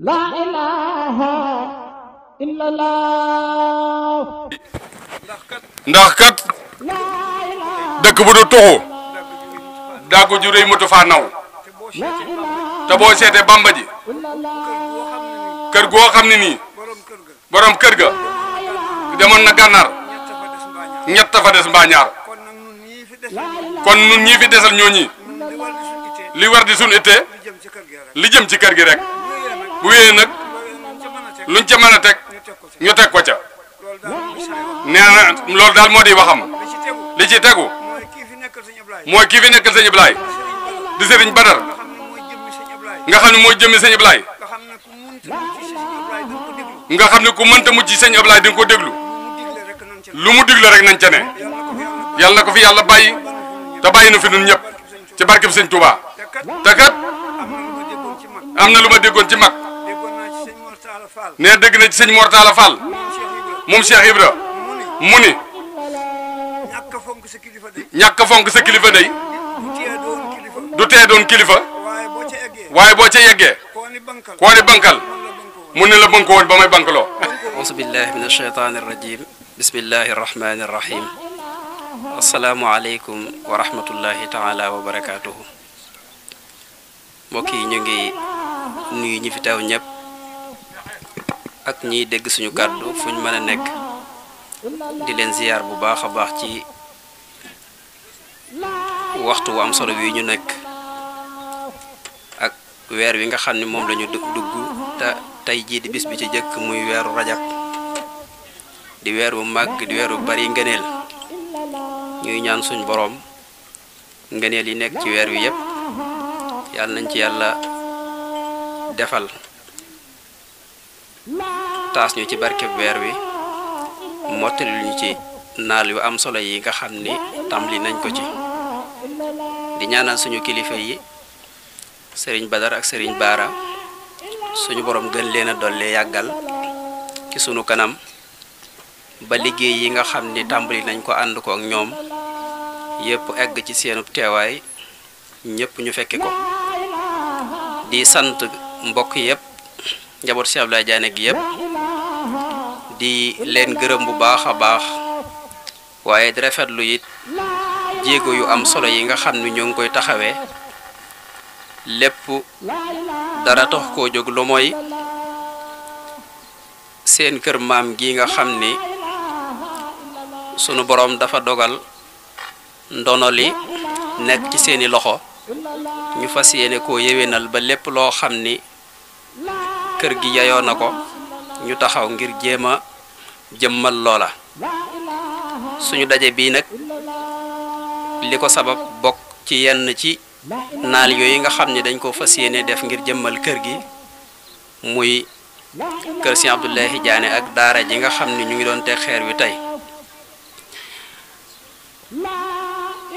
La ilaha illallah ndax kat dekk bu du tuxu dàggu ju rëy mutu fa naw te bo sété bamba ji kër go xamni ni borom kër ga demon na gànnaar ñett fa des kon nun ñi fi desal ñoñi li war di sun li jëm ci kër gi rek bu wéyee nag luñ ca mën a teg ñu teg ko ca nee na loolu daal moo di waxam li ci tegu mooy kii fi nekkal sëñ Ablaay di sëriñ Badar nga xam ne mooy jëmmi sëñ Ablaay nga xam ne ku mënta mucc sëñ Ablaay di nga ko déglu lu mu digle rek nañ ca ne yàlla na ko fi yàlla bàyyi te bàyyi na fi nun ñëpp ci barkeb sëñ Touba te kat am na lu ma déggoon ci mag nee dëgg na ci sëñ Mortala Fall moom Cheikh Ibra mu ni ñàkk a fonk sa kilifa day ñàkk a fonk sa kilifa day du tee doon kilifa waaye boo ca yeggee koo ni bankal mu ne la banko woon ba may bankaloo auzu billahi min ashaytaani rajim bismillahi rahmani rahim asalaamu aleykum wa rahmatullahi taala wa barakatuhu mbokk yi ñu ngi nuyu ñi fi taw ñëpp ak ñi dégg suñu kàddu fuñ mën a nekk di leen ziar bu baax a baax ci waxtu wu am solo wi ñu nekk ak weer wi nga xam ne moom lañu dugg te tey jii di bis bi ci jëkk muy weeru rajab di weer wu màgg di weer wu bari ngëneel ñuy ñaan suñ borom ngëneel yi nekk ci weer wi yépp yàlla nañ ci yàlla defal taas ñu ci barkeb weer wi mottali ñu ci naal yu am solo yi nga xam ni tàmbali nañ ko ci di ñaanal suñu kilifa yi sëriñ Badar ak sëriñ Baara suñu boroom gën leen a dolli yàggal ci suñu kanam ba liggéey yi nga xam ni tàmbali nañ ko ànd ko ak ñoom yépp egg ci seenu teewaay ñépp ñu fekke ko di sant mbokk yépp njaboot Cheikh Abdoulaye Diané gi yépp di leen gërëm bu baax a baax waaye di rafetlu it jéego yu am solo yi nga xam ni ñoo ngi koy taxawe lépp dara tax koo jóg lu mooy seen kër maam gi nga xam ni sunu boroom dafa dogal ndono li nekk ci seeni loxo ñu fas yéene koo yéwénal ba lépp loo xam ni kër gi yayoo na ko ñu taxaw ngir jema lola jëmmal loola suñu dajé bi nak liko sabab bok ci yenn ci naal yoy nga xamni dañ ko fas def ngir jëmmal kër gi muy kër Serigne Abdoulaye Diané ak daara ji nga xamni ñu ngi doon té xeer wi tay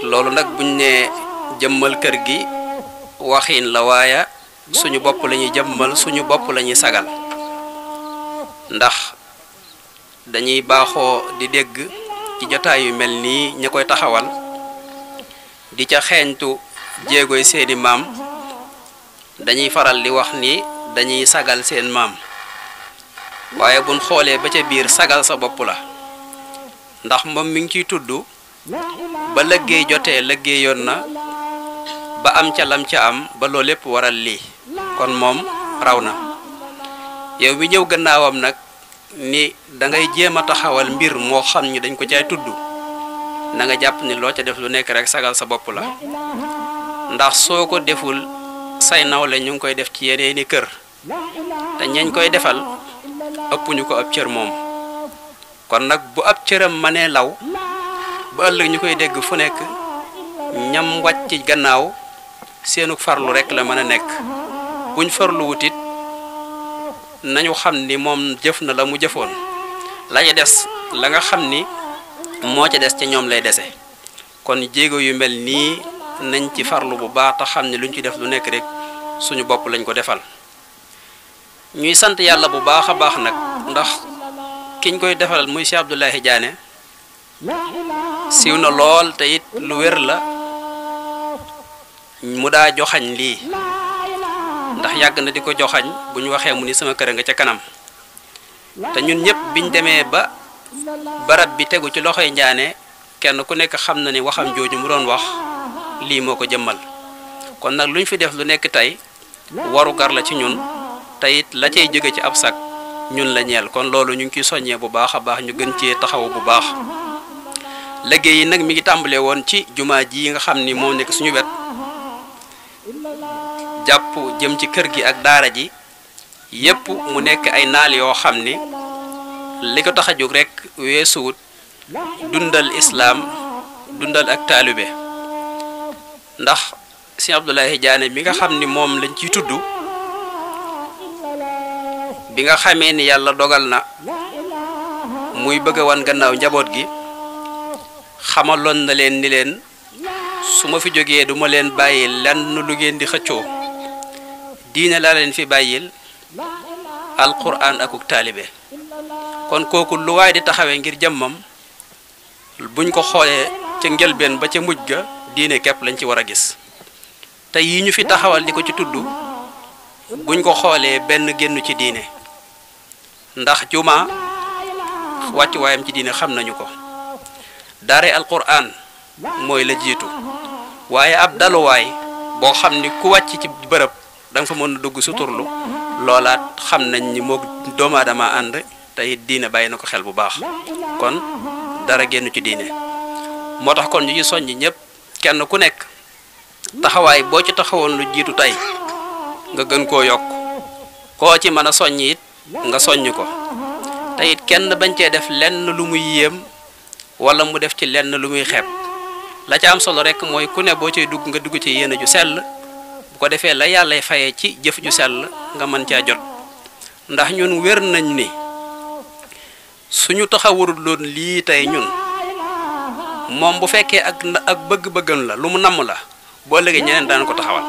loolu nak buñ né jëmmal kër gi waxin la waya suñu bop lañuy jëmmal suñu bop lañuy sagal ndax dañuy baaxoo di dégg ci jotaay yu mel nii ñu koy taxawal di ca xeeñtu jéegoy seeni maam dañuy faral di wax ni dañuy sagal seen maam waaye buñ xoolee ba ca biir sagal sa bopp la ndax moom mi ngi ciy tudd ba liggéey jotee liggéeyoon na ba am ca lam ca am ba loolu lépp waral lii kon moom raw na yow bi ñëw gannaawam nag ni dangay jéem a taxawal mbir moo xam ni dañ ko caay tudd nanga jàpp ni loo ca def lu nekk rek sagal sa bopp la ndax soo ko deful say nawle ñu ngi koy def ci yeneeni kër te ñañ koy defal ëppuñu ko ab cër moom kon nag bu ab cëram mënee law ba ëllëg ñu koy dégg fu nekk ñam wàcc gannaaw seenu farlu rek la mën a nekk buñ farlu wutit nañu xam ni moom jëf na la mu jëfoon la des la nga xam ni moo ca des ca ñoom lay dese kon jéego yu mel nii nañ ci farlu bu baax te xam ne luñ ci def lu nekk rek suñu bopp lañ ko defal ñuy sant yàlla bu baax a baax nag ndax kiñ koy defaral muy Cheikh Abdoulaye Diané siiw na lool te lu wér la mu daa joxañ lii ndax yàgg na di ko joxañ bu ñu waxee mu ni sama kër nga ca kanam te ñun ñëpp biñ demee ba barab bi tegu ci loxoy njaane kenn ku nekk xam na ni waxam jooju mu doon wax lii moo jëmmal kon nag luñ fi def lu nekk tey waru gar la ci ñun it la cay jóge ci ab sag ñun la ñeel kon loolu ñu ngi ciy soññee bu baax a baax ñu gën cee taxaw bu baax liggéey yi mi ngi tàmbalee woon ci jumaa ji nga xam ni moo nekk suñu wet japp jëm ci kër gi ak daara ji yépp mu nekk ay naal yoo xam ni li ko tax a jóg rek weesuwut dundal islam dundal ak taalube ndax sëñ Abdoulaye Diané mi nga xam ni moom lañ ci tudd bi nga xamee ni yàlla dogal na muy bëgg wan gannaaw njaboot gi xamaloon na leen ni leen su ma fi jógee duma leen bàyyi lenn lu ngeen di xëccoo diine la leen fi bàyyil alquran akuk taalibe kon kooku lu waay di taxawee ngir jëmmam buñ ko xoolee ca njëlbeen ba ca mujj ga diine képp lañ ci war a gis te yi ñu fi taxawal di ko ci tudd buñ ko xoolee benn génn ci diine ndax juma wàccu waayam ci diine xam nañu ko daare alquran mooy la jiitu waaye ab daluwaay boo xam ni ku wàcc ci bërëb danga nga fa mën a dugg suturlu loolaat xam nañ ni moog doomu aadama ànd te it diine bàyyi na ko xel bu baax kon dara génn ci diine moo tax kon ñu ci soññ ñëpp kenn ku nekk taxawaay boo ci taxawoon lu jiitu tey nga gën koo yokk koo ci mën a soññ it nga soññ ko te it kenn bañ cee def lenn lu muy yéem walla mu def ci lenn lu muy xeeb la ca am solo rek mooy ku ne boo cay dugg nga dugg ci yéene ju sell ko defé la yalla fayé ci jëf ju sel nga man ci jot ndax ñun wër nañ ni suñu taxawarul loon lii tey ñun moom bu fekkee ak ak bëgg-bëggam la lu mu namm la boo léegi ñeneen daan ko taxawal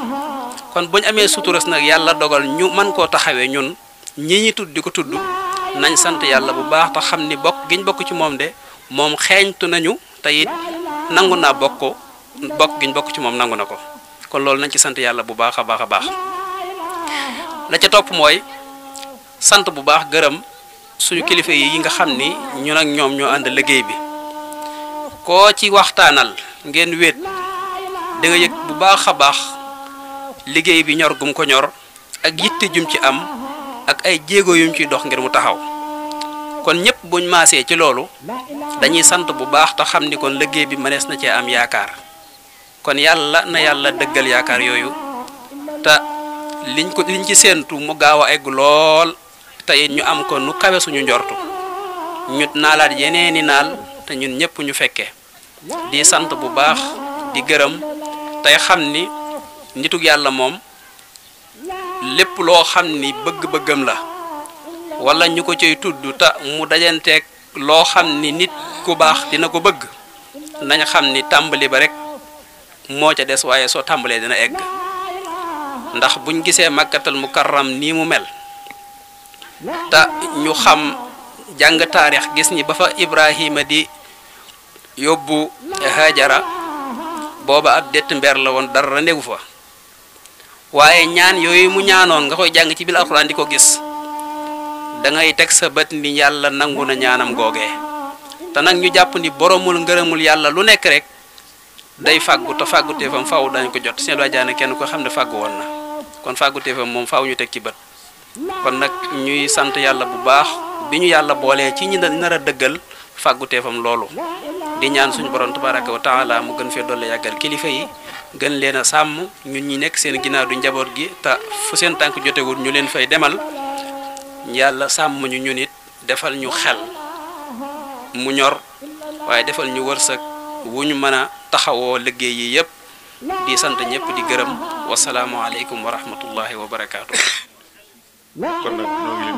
kon buñ amee suturas nag yàlla dogal ñu man koo taxawee ñun ñi ñi tudd di ko tudd nañ sant yàlla bu baax te xam ni bokk giñ bokk ci moom de moom xeeñtu nañu te it nangu naa bokk bokk giñ bokk ci moom nangu na ko kon lol nañ ci sant yàlla bu baax a baax a baax la ca topp mooy sant bu baax gërëm suñu kilifa yi nga xam ni ñun ak ñoom ñoo ànd liggéey bi koo ci waxtaanal ngeen wéet da nga yëg bu baax a baax bi ñor gum ko ñor ak yitte jum ci am ak ay jéego yum ci dox ngir mu taxaw kon ñëpp buñ maasee ci loolu dañuy sant bu baax te xam ni kon liggéey bi mënees na cee am yaakaar kon yalla na yalla deugal yakar yoyu Ta liñ ko liñ ci sentu mu gawa egg lol te ñu am ko nu kawe suñu ndortu ñu nalat yeneeni nal te ñun ñepp ñu fekke di sante bu baax di gërëm tay xamni ni yalla mom lepp lo xamni ni bëgg-bëggam la wala ñu ko cay tudd ta mu dajante lo xamni nit ku baax dina ko bëgg nañ xamni ni ba rek moo ca des waaye soo tàmbalee dina egg ndax buñ gisee màkkatal mukarram nii mu mel te ñu xam jàng taarix gis ni ba fa ibrahima di yóbbu hajara booba ab dett mber la woon dara negu fa waaye ñaan yooyu mu ñaanoon nga koy jàng ci bil alquran di ko gis da ngay teg sa bët ni yàlla nangu na ñaanam googee te nag ñu jàpp ni boromul ngërëmul yàlla lu nekk rek day fàggu te fàgguteefam faw dañu ko jot seen waajaane kenn ko xam ne fàggu woon na kon fàgguteefam moom faw ñu teg ci bët kon nag ñuy sant yàlla bu baax bi ñu yàlla boolee ci ñi nar a dëggal fam loolu di ñaan suñu borom tabaraka wa taala mu gën fee dolli yàggal kilifa yi gën leen a sàmm ñun ñi nekk seen ginnaaw du njaboot gi te fu seen tànk jotewul ñu leen fay demal yàlla sàmm ñun it defal ñu xel mu ñor waaye defal ñu wërsëg wu ñu mën a taxawoo liggéey yi yëpp di sant ñëpp di gërëm wasalaamualeykum wa rahmatullahi wa kon nag ñoo ngi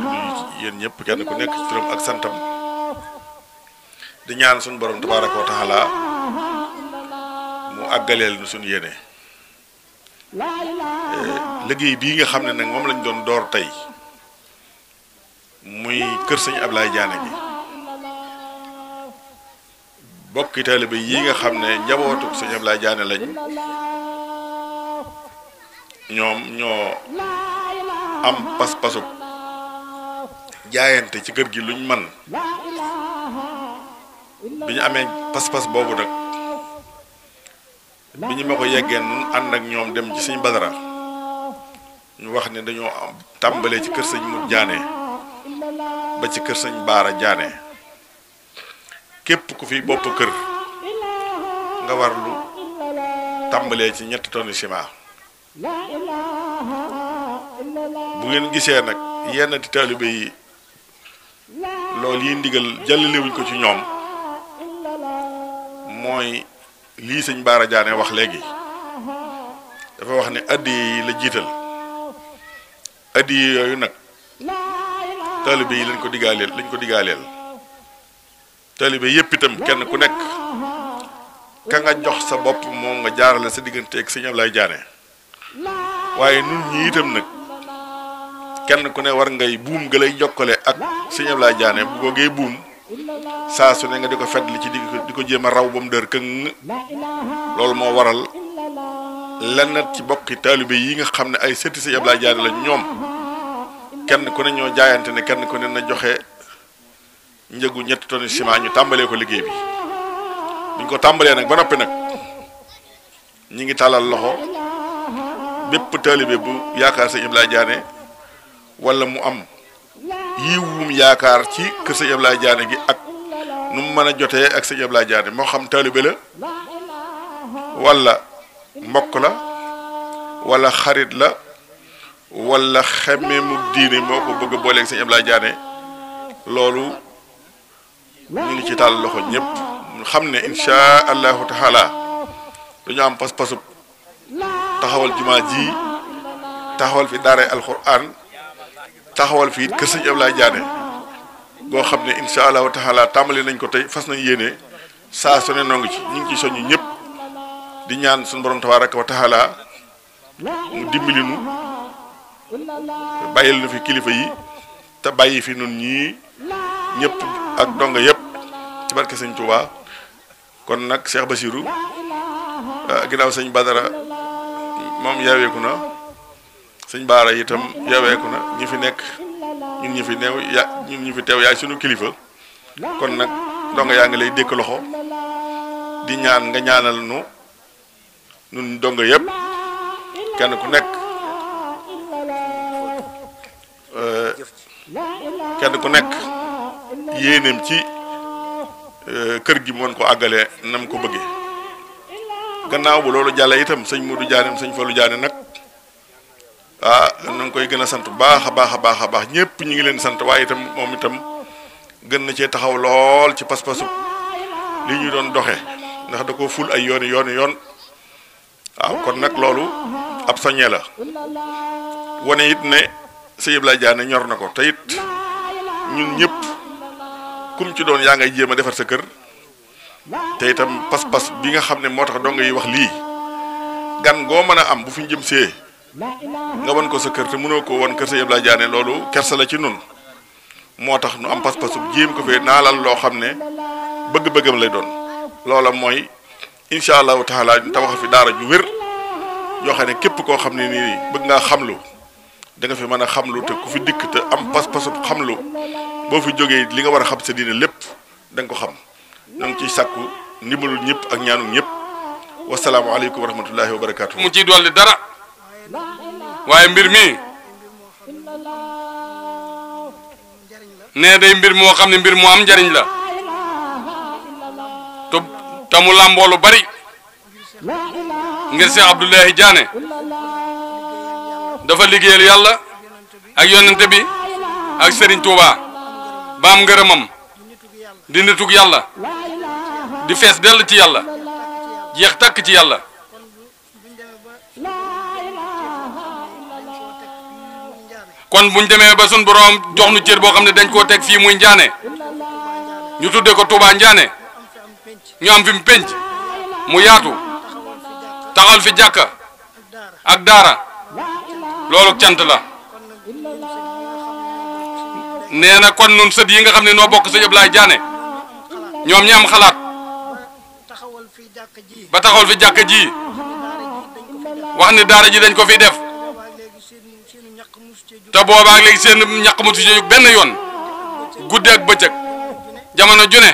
leen ñëpp kenn ku nekk ci turam ak santam di ñaan suñu borom tabaaraka wa taala mu àggaleel nu suñu yéene eh, liggéey bii nga xam ne nag moom lañ doon door tey muy kër sëñ Ablaye Diané bi bokki taalibe yi nga xam ne njabootu sëñ Ablaye Diané lañ ñoom ñoo am pas-pasu jaayante ci kër gi luñ man bi ñu amee pas-pas boobu nag bi ñu ma ko yeggee nun ànd ak ñoom dem ci sëñ Badara ñu wax ne dañoo am tàmbalee ci kër sëñ jaane ba ci kër sëñ Baara Diané képp ku fi bopp kër nga warlu lu ci ñett tonni ciment bu ngeen gisee nag yenn di taalibe yi loolu yi ndigal wuñ ko ci ñoom mooy lii sëñ Baara Jaane wax léegi dafa wax ne addi yi la jiital addi yooyu nag yi lañ ko lañ ko taalibe yëpp itam kenn ku nekk ka nga jox sa bopp moom nga jaarale sa diggante ak sëñ Ablaye Diané waaye nun ñi itam nag kenn ku ne war ngay buum ga jokkale ak sëñ Ablaye bu googee buum saa ne nga di ko fetli ci di ko jéem a raw ba mu dër këng loolu moo waral lenn ci bokki taalibe yi nga xam ne ay sëti sëñ Ablaye Diané ñoom kenn ku ne ñoo jaayante ne kenn ku ne na joxe. njëgu ñett tonni ciment ñu tàmbalee ko liggéey bi buñ ko tàmbalee nag ba noppi nag ñu ngi tàllal loxo bépp taalibe bu yaakaar sëñ Abdoulaye jaane walla mu am yiwum yaakaar ci kër sëñ Abdoulaye Diané gi ak nu mu mën a jotee ak sëñ Abdoulaye Diané moo xam taalibe la wala mbokk la wala xarit la wala xemmeemu diine moo ko bëgg a booleeg sëñ Abdoulaye jaane loolu ñu ngi ci nyep, loxo ñep xam ne insha Allah taala dañu am pas pasu taxawal juma ji taxawal fi daaray alquran taxawal fi ke seigne sëñ jane ne insha Allah taala tàmbali nañ ko tay fas na yene so su ne nongu ci ñi ci soñu ñep di ñaan sun borom tabaraka wa taala mu dimbali nu nu fi kilifa yi ta bayyi fi nun ñi ñep ak donga yep ci barke sëñ Touba kon nag Cheikh Bassirou ah, ginnaaw sëñ Badara moom yaweeku na sëñ Baara itam yaweeku na ñi fi nekk ñun ñu fi neew ya ñun ñu fi teew yaay sunu kilifa kon nag donga yaa ngi lay dékk loxo di ñaan nga ñaanal nu nun donga yëpp kenn ku nekk eh, kenn ku nekk yéeneem ci Euh, kër gi mën ko àggale nam ko bëggee gannaaw bu loolu jàlla itam sëñ Modou Diagne sëñ Fallou Diagne nag ah na koy gën a sant baax a baax a baax a baax ñëpp ñu ngi leen sant waaye itam moom itam gën na cee taxaw lool ci pas-pasu li ñu doon doxe ndax da ko ful ay yooni yooni yoon waaw kon nag loolu ab soññee la wone it ne sëñ Abdoulaye Diagne ñor na ko teyit ñun ñëpp kum ci doon yaa ngay jéem defar sa kër te itam pas-pas bi nga xam ne moo tax dong wax lii gan goo mën am bu fiñ jëm see nga won ko sa kër te mënoo ko won kër sa jaane loolu kersa la ci nun moo nu am pas-pasu jéem ko fee naalal loo xam ne bëgg-bëggam lay doon loola mooy incha allahu taala ñu tabax fi daara ju wér yoo xam ne képp koo xam ne nii bëgg ngaa xamlu da nga fi mën xamlu te ku fi dikk te am pas-pasu xamlu bo fi joge li nga wara xam sa dina lepp dang ko xam nyip. sakku ciy sàkku ak ñaanu ak wa salaamu alaykum wa rahmatullahi wa barakatuh mu ciy dolli dara waye mbir mi ne day mbir mo xamni mbir mu am jariñ la to tamu mu bari ngir Cheikh abdullahi jane dafa liggeel yalla ak yonente bi ak Serigne Touba. ba am ngërëmam di nitug yàlla di fees dell ci yàlla jeex takk ci yàlla kon buñ demee ba sun borom jox nu cër boo xam ne dañ koo teg fii muy njaane ñu tudde ko Touba njaane ñu am fi mu pénc mu yaatu taxal fi jàkka ak daara loolu cant la nee na kon nun sët yi nga xam ne noo bokk sëñ Ablaye Diané ñoom ñi am xalaat ba taxawal fi jàkk ji wax ne daara ji dañ ko fi def te boobaa léegi seen ñaq mu ci jóg benn yoon guddi ak bëccëg jamono ju ne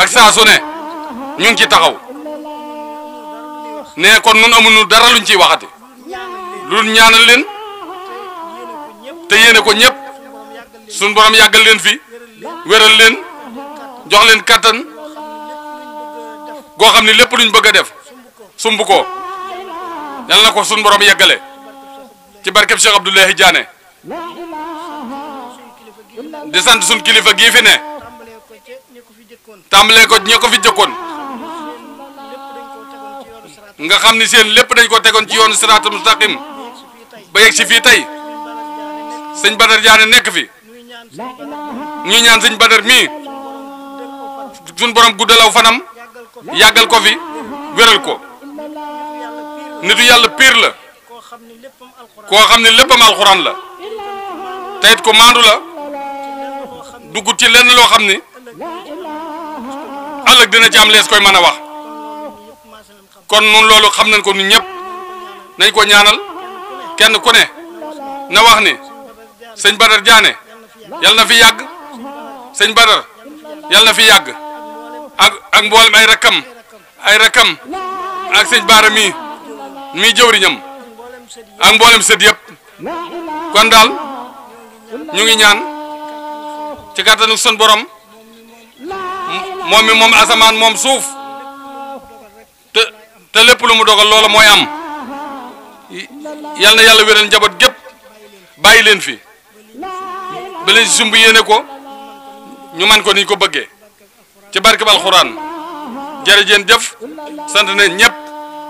ak saa ne ñu ngi ci taxaw ne kon nun amuñu dara luñ ciy waxati lu ñaanal leen te yéene ko ñëpp. suñ borom yàggal leen fi wéral leen jox leen kàttan goo xam ne lépp luñ bëgg a def sumb ko yal na ko suñ borom yàggale ci barkeb Cheikh Abdoulaye Diané di sant suñ kilifa gii fi ne tàmbalee ko ñe ko fi jëkkoon nga xam ni seen lépp dañ ko tegoon ci yoonu siraatul mustaqim ba yegg si fii tey sëñ Badar Diané nekk fi ñuy ñaan señ Badar mi suñ borom guddalaw fanam yagal ko fi wéral ko nitu yalla pire la ko xamni leppam léppam la tayit ko mandu la duggu ci lenn lo xamni alla dina ci am les koy mëna wax kon nun lolu xam nañ ko nit ñëpp nañ ko ñaanal kenn ku ne na wax ni señ Badar Diané yal na fi yag seigne Badar yal na fi yag ak ak mbolam ay rakam ay rakam ak seigne barami mi jowri ñam ak mbolam momi yëpp kon dal ñu ngi ñaan ci kàttanu sun borom momi mom asaman mom suuf te te lepp lu mu dogal moy am yal na wéral njabot gep bayi len fi bala sumb yéene ko ñu man ko ni ñu ko bëggee ci barkeb alxuraan jërëjeen jëf sant na ñëpp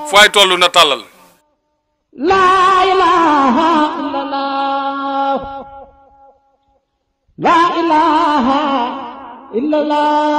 fu ay na tàllal laa ilaaha illallaah